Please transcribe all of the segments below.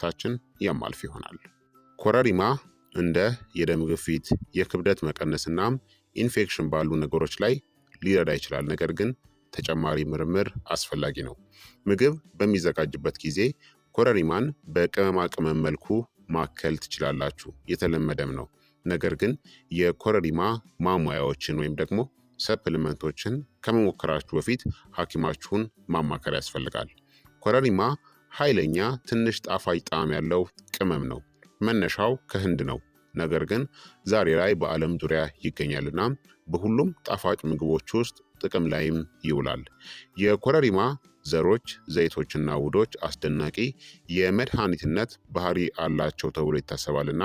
ዝግጅታችን የማልፍ ይሆናል። ኮረሪማ እንደ የደም ግፊት፣ የክብደት መቀነስና ኢንፌክሽን ባሉ ነገሮች ላይ ሊረዳ ይችላል። ነገር ግን ተጨማሪ ምርምር አስፈላጊ ነው። ምግብ በሚዘጋጅበት ጊዜ ኮረሪማን በቅመማ ቅመም መልኩ ማከል ትችላላችሁ። የተለመደም ነው። ነገር ግን የኮረሪማ ማሟያዎችን ወይም ደግሞ ሰፕልመንቶችን ከመሞከራችሁ በፊት ሐኪማችሁን ማማከር ያስፈልጋል። ኮረሪማ ኃይለኛ ትንሽ ጣፋጭ ጣዕም ያለው ቅመም ነው። መነሻው ከህንድ ነው፣ ነገር ግን ዛሬ ላይ በዓለም ዙሪያ ይገኛልና በሁሉም ጣፋጭ ምግቦች ውስጥ ጥቅም ላይም ይውላል። የኮረሪማ ዘሮች፣ ዘይቶችና ውዶች አስደናቂ የመድኃኒትነት ባህሪ አላቸው ተብሎ ይታሰባልና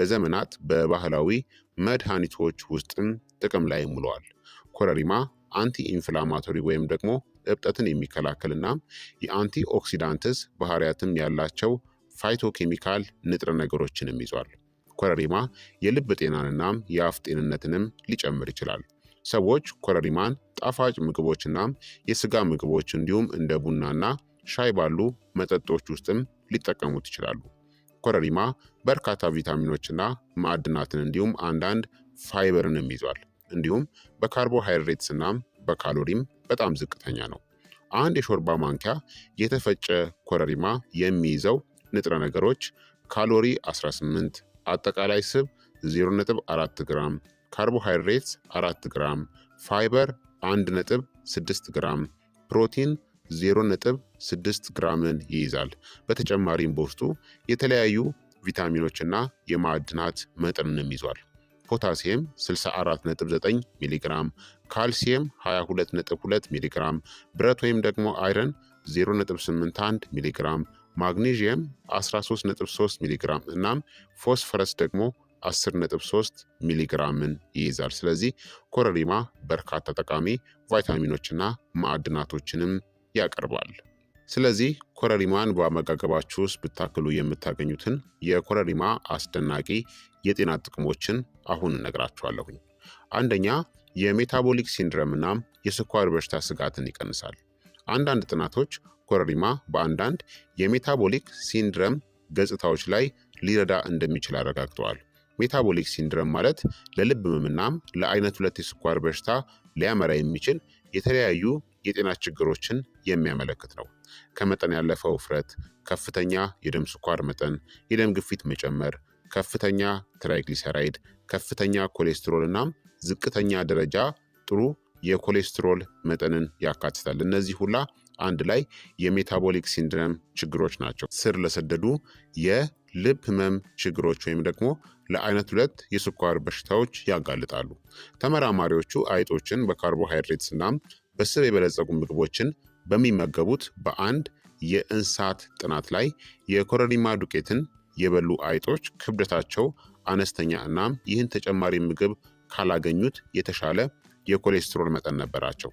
ለዘመናት በባህላዊ መድኃኒቶች ውስጥም ጥቅም ላይ ውለዋል። ኮረሪማ አንቲ ኢንፍላማቶሪ ወይም ደግሞ እብጠትን የሚከላከልና የአንቲ ኦክሲዳንትስ ባህሪያትም ያላቸው ፋይቶ ኬሚካል ንጥረ ነገሮችንም ይዟል። ኮረሪማ የልብ ጤናንና የአፍ ጤንነትንም ሊጨምር ይችላል። ሰዎች ኮረሪማን ጣፋጭ ምግቦችና የስጋ ምግቦች እንዲሁም እንደ ቡናና ሻይ ባሉ መጠጦች ውስጥም ሊጠቀሙት ይችላሉ። ኮረሪማ በርካታ ቪታሚኖችና ማዕድናትን እንዲሁም አንዳንድ ፋይበርንም ይዟል። እንዲሁም በካርቦሃይድሬትስናም በካሎሪም በጣም ዝቅተኛ ነው። አንድ የሾርባ ማንኪያ የተፈጨ ኮረሪማ የሚይዘው ንጥረ ነገሮች ካሎሪ 18፣ አጠቃላይ ስብ 0.4 ግራም፣ ካርቦሃይድሬትስ 4 ግራም፣ ፋይበር 1.6 ግራም፣ ፕሮቲን 0.6 ግራምን ይይዛል። በተጨማሪም በውስጡ የተለያዩ ቪታሚኖችና የማዕድናት መጠንንም ይዟል። ፖታሲየም 64.9 ሚሊግራም፣ ካልሲየም 22.2 ሚሊግራም፣ ብረት ወይም ደግሞ አይረን 0.81 ሚሊግራም፣ ማግኔዥየም 13.3 ሚሊግራም እናም ፎስፈረስ ደግሞ 10.3 ሚሊግራምን ይይዛል። ስለዚህ ኮረሪማ በርካታ ጠቃሚ ቫይታሚኖችና ማዕድናቶችንም ያቀርባል። ስለዚህ ኮረሪማን በአመጋገባችሁ ውስጥ ብታክሉ የምታገኙትን የኮረሪማ አስደናቂ የጤና ጥቅሞችን አሁን እነግራችኋለሁኝ። አንደኛ የሜታቦሊክ ሲንድረም እናም የስኳር በሽታ ስጋትን ይቀንሳል። አንዳንድ ጥናቶች ኮረሪማ በአንዳንድ የሜታቦሊክ ሲንድረም ገጽታዎች ላይ ሊረዳ እንደሚችል አረጋግጠዋል። ሜታቦሊክ ሲንድረም ማለት ለልብ ህመምናም ለአይነት ሁለት የስኳር በሽታ ሊያመራ የሚችል የተለያዩ የጤና ችግሮችን የሚያመለክት ነው። ከመጠን ያለፈ ውፍረት፣ ከፍተኛ የደም ስኳር መጠን፣ የደም ግፊት መጨመር፣ ከፍተኛ ትራይግሊሰራይድ፣ ከፍተኛ ኮሌስትሮል እናም ዝቅተኛ ደረጃ ጥሩ የኮሌስትሮል መጠንን ያካትታል። እነዚህ ሁላ አንድ ላይ የሜታቦሊክ ሲንድረም ችግሮች ናቸው። ስር ለሰደዱ የልብ ህመም ችግሮች ወይም ደግሞ ለአይነት ሁለት የስኳር በሽታዎች ያጋልጣሉ። ተመራማሪዎቹ አይጦችን በካርቦሃይድሬትስ እናም በስብ የበለጸጉ ምግቦችን በሚመገቡት በአንድ የእንስሳት ጥናት ላይ የኮረሪማ ዱቄትን የበሉ አይጦች ክብደታቸው አነስተኛ እናም ይህን ተጨማሪ ምግብ ካላገኙት የተሻለ የኮሌስትሮል መጠን ነበራቸው።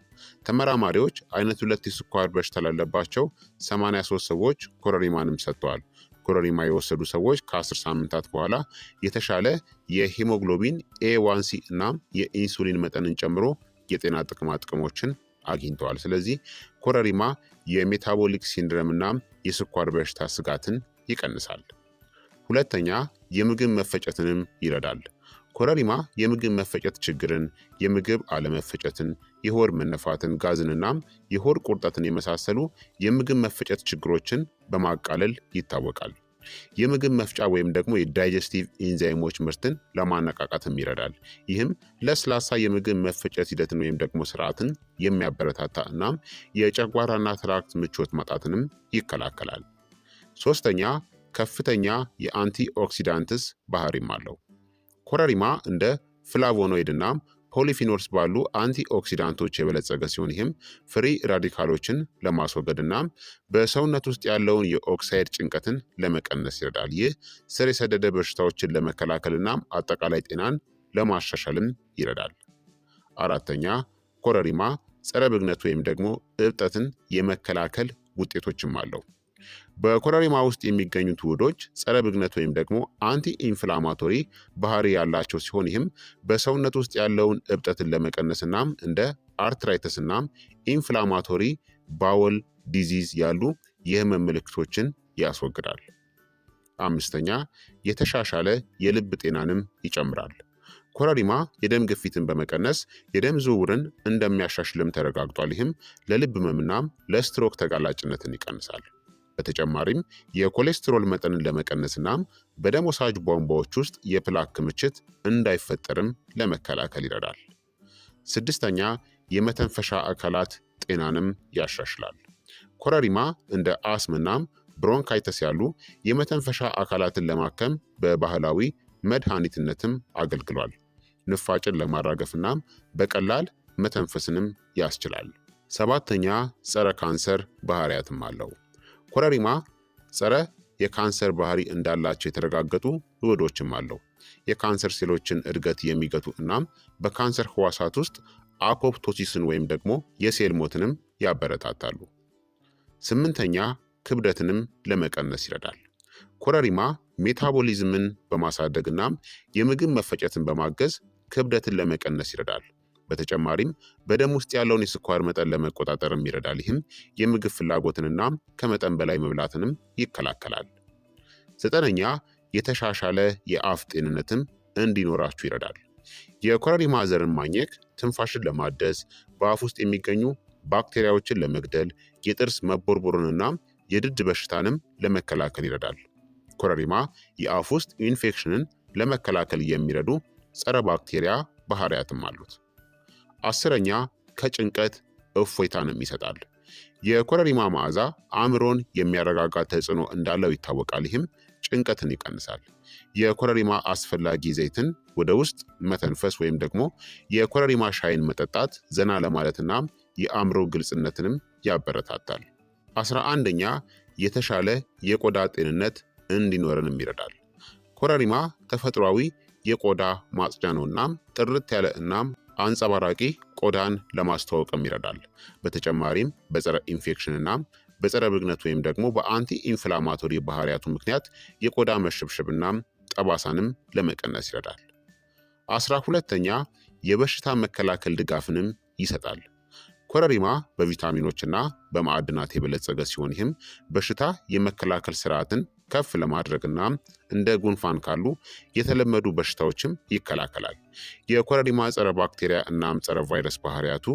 ተመራማሪዎች አይነት ሁለት የስኳር በሽታ ላለባቸው 83 ሰዎች ኮረሪማንም ሰጥተዋል። ኮረሪማ የወሰዱ ሰዎች ከ10 ሳምንታት በኋላ የተሻለ የሂሞግሎቢን ኤዋንሲ እናም የኢንሱሊን መጠንን ጨምሮ የጤና ጥቅማ ጥቅሞችን አግኝተዋል። ስለዚህ ኮረሪማ የሜታቦሊክ ሲንድረም እናም የስኳር በሽታ ስጋትን ይቀንሳል። ሁለተኛ የምግብ መፈጨትንም ይረዳል። ኮረሪማ የምግብ መፈጨት ችግርን፣ የምግብ አለመፈጨትን፣ የሆድ መነፋትን፣ ጋዝንናም የሆድ ቁርጠትን የመሳሰሉ የምግብ መፈጨት ችግሮችን በማቃለል ይታወቃል። የምግብ መፍጫ ወይም ደግሞ የዳይጀስቲቭ ኢንዛይሞች ምርትን ለማነቃቃትም ይረዳል። ይህም ለስላሳ የምግብ መፈጨት ሂደትን ወይም ደግሞ ስርዓትን የሚያበረታታ እናም የጨጓራና ትራክት ምቾት ማጣትንም ይከላከላል። ሶስተኛ ከፍተኛ የአንቲ ኦክሲዳንትስ ባህሪም አለው። ኮረሪማ እንደ ፍላቮኖይድ እናም ፖሊፊኖልስ ባሉ አንቲ ኦክሲዳንቶች የበለጸገ ሲሆን ይህም ፍሪ ራዲካሎችን ለማስወገድ በሰውነት ውስጥ ያለውን የኦክሳይድ ጭንቀትን ለመቀነስ ይረዳል። ይህ ስር የሰደደ በሽታዎችን ለመከላከል አጠቃላይ ጤናን ለማሻሻልም ይረዳል። አራተኛ ኮረሪማ ጸረ ብግነት ወይም ደግሞ እብጠትን የመከላከል ውጤቶችም አለው። በኮረሪማ ውስጥ የሚገኙት ውህዶች ጸረ ብግነት ወይም ደግሞ አንቲ ኢንፍላማቶሪ ባህሪ ያላቸው ሲሆን ይህም በሰውነት ውስጥ ያለውን እብጠትን ለመቀነስና እንደ አርትራይተስ ኢንፍላማቶሪ ባወል ዲዚዝ ያሉ የህመም ምልክቶችን ያስወግዳል። አምስተኛ የተሻሻለ የልብ ጤናንም ይጨምራል። ኮረሪማ የደም ግፊትን በመቀነስ የደም ዝውውርን እንደሚያሻሽልም ተረጋግጧል። ይህም ለልብ ህመምናም ለስትሮክ ተጋላጭነትን ይቀንሳል። በተጨማሪም የኮሌስትሮል መጠንን ለመቀነስና በደም ወሳጅ ቧንቧዎች ውስጥ የፕላክ ክምችት እንዳይፈጠርም ለመከላከል ይረዳል። ስድስተኛ የመተንፈሻ አካላት ጤናንም ያሻሽላል። ኮረሪማ እንደ አስምናም ብሮንካይተስ ያሉ የመተንፈሻ አካላትን ለማከም በባህላዊ መድኃኒትነትም አገልግሏል። ንፋጭን ለማራገፍናም በቀላል መተንፈስንም ያስችላል። ሰባተኛ ጸረ ካንሰር ባህሪያትም አለው። ኮረሪማ ጸረ የካንሰር ባህሪ እንዳላቸው የተረጋገጡ ውህዶችም አለው። የካንሰር ሴሎችን እድገት የሚገቱ እናም በካንሰር ህዋሳት ውስጥ አፖፕቶሲስን ወይም ደግሞ የሴል ሞትንም ያበረታታሉ። ስምንተኛ ክብደትንም ለመቀነስ ይረዳል። ኮረሪማ ሜታቦሊዝምን በማሳደግ እናም የምግብ መፈጨትን በማገዝ ክብደትን ለመቀነስ ይረዳል። በተጨማሪም በደም ውስጥ ያለውን የስኳር መጠን ለመቆጣጠርም ይረዳል። ይህም የምግብ ፍላጎትንና ከመጠን በላይ መብላትንም ይከላከላል። ዘጠነኛ የተሻሻለ የአፍ ጤንነትም እንዲኖራችሁ ይረዳል። የኮረሪማ ዘርን ማኘክ ትንፋሽን ለማደስ፣ በአፍ ውስጥ የሚገኙ ባክቴሪያዎችን ለመግደል፣ የጥርስ መቦርቦርንና የድድ በሽታንም ለመከላከል ይረዳል። ኮረሪማ የአፍ ውስጥ ኢንፌክሽንን ለመከላከል የሚረዱ ጸረ ባክቴሪያ ባህሪያትም አሉት። አስረኛ ከጭንቀት እፎይታንም ይሰጣል። የኮረሪማ መዓዛ አእምሮን የሚያረጋጋ ተጽዕኖ እንዳለው ይታወቃል። ይህም ጭንቀትን ይቀንሳል። የኮረሪማ አስፈላጊ ዘይትን ወደ ውስጥ መተንፈስ ወይም ደግሞ የኮረሪማ ሻይን መጠጣት ዘና ለማለትና የአእምሮ ግልጽነትንም ያበረታታል። አስራ አንደኛ የተሻለ የቆዳ ጤንነት እንዲኖረንም ይረዳል። ኮረሪማ ተፈጥሯዊ የቆዳ ማጽጃ ነው። እናም ጥርት ያለ እናም አንጸባራቂ ቆዳን ለማስተዋወቅም ይረዳል። በተጨማሪም በጸረ ኢንፌክሽንና በጸረ ብግነት ወይም ደግሞ በአንቲ ኢንፍላማቶሪ ባህሪያቱ ምክንያት የቆዳ መሸብሸብና ጠባሳንም ለመቀነስ ይረዳል። አስራ ሁለተኛ የበሽታ መከላከል ድጋፍንም ይሰጣል። ኮረሪማ በቪታሚኖችና በማዕድናት የበለጸገ ሲሆን ይህም በሽታ የመከላከል ስርዓትን ከፍ ለማድረግና እንደ ጉንፋን ካሉ የተለመዱ በሽታዎችም ይከላከላል። የኮረሪማ ጸረ ባክቴሪያ እናም ጸረ ቫይረስ ባህሪያቱ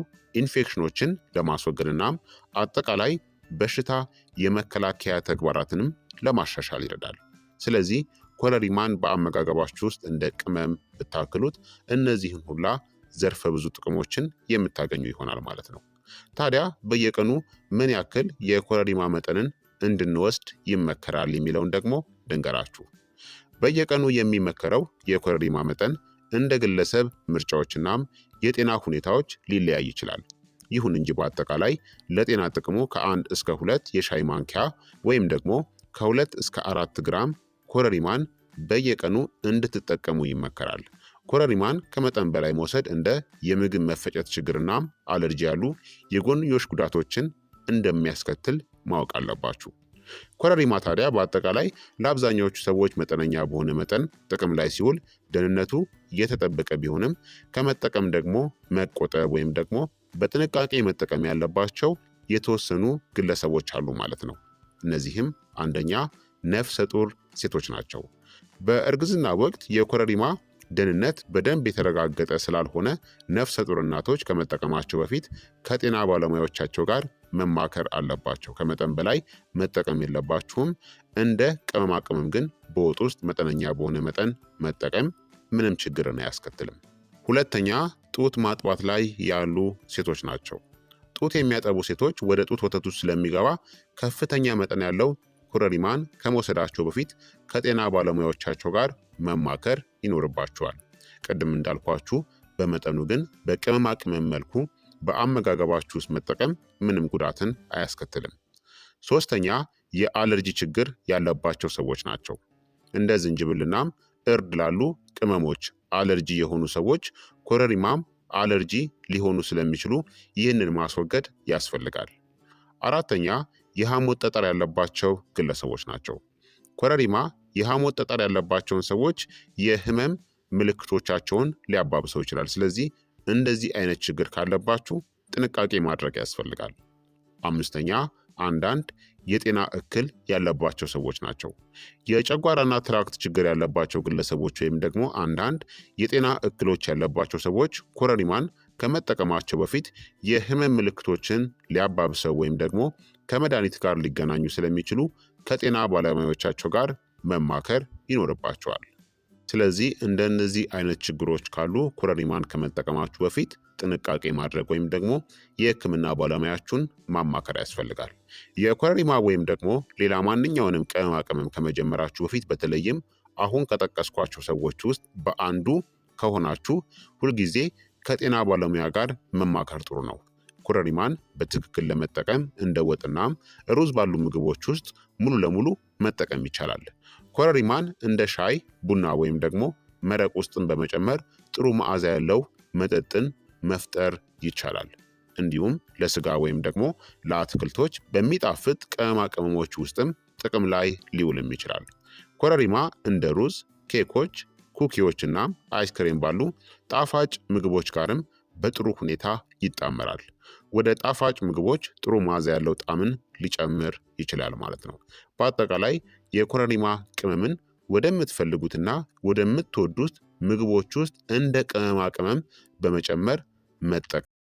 ኢንፌክሽኖችን ለማስወገድናም አጠቃላይ በሽታ የመከላከያ ተግባራትንም ለማሻሻል ይረዳል። ስለዚህ ኮረሪማን በአመጋገባችሁ ውስጥ እንደ ቅመም ብታክሉት እነዚህን ሁላ ዘርፈ ብዙ ጥቅሞችን የምታገኙ ይሆናል ማለት ነው። ታዲያ በየቀኑ ምን ያክል የኮረሪማ መጠንን እንድንወስድ ይመከራል የሚለውን ደግሞ ድንገራችሁ። በየቀኑ የሚመከረው የኮረሪማ መጠን እንደ ግለሰብ ምርጫዎችናም የጤና ሁኔታዎች ሊለያይ ይችላል። ይሁን እንጂ በአጠቃላይ ለጤና ጥቅሙ ከአንድ እስከ ሁለት የሻይ ማንኪያ ወይም ደግሞ ከሁለት እስከ አራት ግራም ኮረሪማን በየቀኑ እንድትጠቀሙ ይመከራል። ኮረሪማን ከመጠን በላይ መውሰድ እንደ የምግብ መፈጨት ችግርና አለርጂ ያሉ የጎንዮሽ ጉዳቶችን እንደሚያስከትል ማወቅ አለባችሁ። ኮረሪማ ታዲያ በአጠቃላይ ለአብዛኛዎቹ ሰዎች መጠነኛ በሆነ መጠን ጥቅም ላይ ሲውል ደህንነቱ የተጠበቀ ቢሆንም ከመጠቀም ደግሞ መቆጠብ ወይም ደግሞ በጥንቃቄ መጠቀም ያለባቸው የተወሰኑ ግለሰቦች አሉ ማለት ነው። እነዚህም አንደኛ ነፍሰ ጡር ሴቶች ናቸው። በእርግዝና ወቅት የኮረሪማ ደህንነት በደንብ የተረጋገጠ ስላልሆነ ነፍሰ ጡር እናቶች ከመጠቀማቸው በፊት ከጤና ባለሙያዎቻቸው ጋር መማከር አለባቸው። ከመጠን በላይ መጠቀም የለባችሁም። እንደ ቅመማ ቅመም ግን በወጥ ውስጥ መጠነኛ በሆነ መጠን መጠቀም ምንም ችግርን አያስከትልም። ሁለተኛ ጡት ማጥባት ላይ ያሉ ሴቶች ናቸው። ጡት የሚያጠቡ ሴቶች ወደ ጡት ወተት ውስጥ ስለሚገባ ከፍተኛ መጠን ያለው ኮረሪማን ከመውሰዳቸው በፊት ከጤና ባለሙያዎቻቸው ጋር መማከር ይኖርባቸዋል። ቅድም እንዳልኳችሁ በመጠኑ ግን በቅመማ ቅመም መልኩ በአመጋገባችሁ ውስጥ መጠቀም ምንም ጉዳትን አያስከትልም። ሶስተኛ የአለርጂ ችግር ያለባቸው ሰዎች ናቸው። እንደ ዝንጅብልናም እርድ ላሉ ቅመሞች አለርጂ የሆኑ ሰዎች ኮረሪማም አለርጂ ሊሆኑ ስለሚችሉ ይህንን ማስወገድ ያስፈልጋል። አራተኛ የሐሞት ጠጠር ያለባቸው ግለሰቦች ናቸው። ኮረሪማ የሐሞት ጠጠር ያለባቸውን ሰዎች የህመም ምልክቶቻቸውን ሊያባብሰው ይችላል። ስለዚህ እንደዚህ አይነት ችግር ካለባችሁ ጥንቃቄ ማድረግ ያስፈልጋል። አምስተኛ አንዳንድ የጤና እክል ያለባቸው ሰዎች ናቸው። የጨጓራና ትራክት ችግር ያለባቸው ግለሰቦች ወይም ደግሞ አንዳንድ የጤና እክሎች ያለባቸው ሰዎች ኮረሪማን ከመጠቀማቸው በፊት የህመም ምልክቶችን ሊያባብሰው ወይም ደግሞ ከመድኃኒት ጋር ሊገናኙ ስለሚችሉ ከጤና ባለሙያዎቻቸው ጋር መማከር ይኖርባቸዋል። ስለዚህ እንደነዚህ አይነት ችግሮች ካሉ ኩረሪማን ከመጠቀማችሁ በፊት ጥንቃቄ ማድረግ ወይም ደግሞ የህክምና ባለሙያችሁን ማማከር ያስፈልጋል። የኮረሪማ ወይም ደግሞ ሌላ ማንኛውንም ቅመማ ቅመም ከመጀመራችሁ በፊት በተለይም አሁን ከጠቀስኳቸው ሰዎች ውስጥ በአንዱ ከሆናችሁ ሁልጊዜ ከጤና ባለሙያ ጋር መማከር ጥሩ ነው። ኩረሪማን በትክክል ለመጠቀም እንደ ወጥና ሩዝ ባሉ ምግቦች ውስጥ ሙሉ ለሙሉ መጠቀም ይቻላል። ኮረሪማን እንደ ሻይ፣ ቡና ወይም ደግሞ መረቅ ውስጥን በመጨመር ጥሩ መዓዛ ያለው መጠጥን መፍጠር ይቻላል። እንዲሁም ለስጋ ወይም ደግሞ ለአትክልቶች በሚጣፍጥ ቅመማ ቅመሞች ውስጥም ጥቅም ላይ ሊውልም ይችላል። ኮረሪማ እንደ ሩዝ፣ ኬኮች፣ ኩኪዎችና አይስክሬም ባሉ ጣፋጭ ምግቦች ጋርም በጥሩ ሁኔታ ይጣመራል። ወደ ጣፋጭ ምግቦች ጥሩ መዓዛ ያለው ጣዕምን ሊጨምር ይችላል ማለት ነው። በአጠቃላይ የኮረሪማ ቅመምን ወደምትፈልጉትና ወደምትወዱት ምግቦች ውስጥ እንደ ቅመማ ቅመም በመጨመር መጠቀም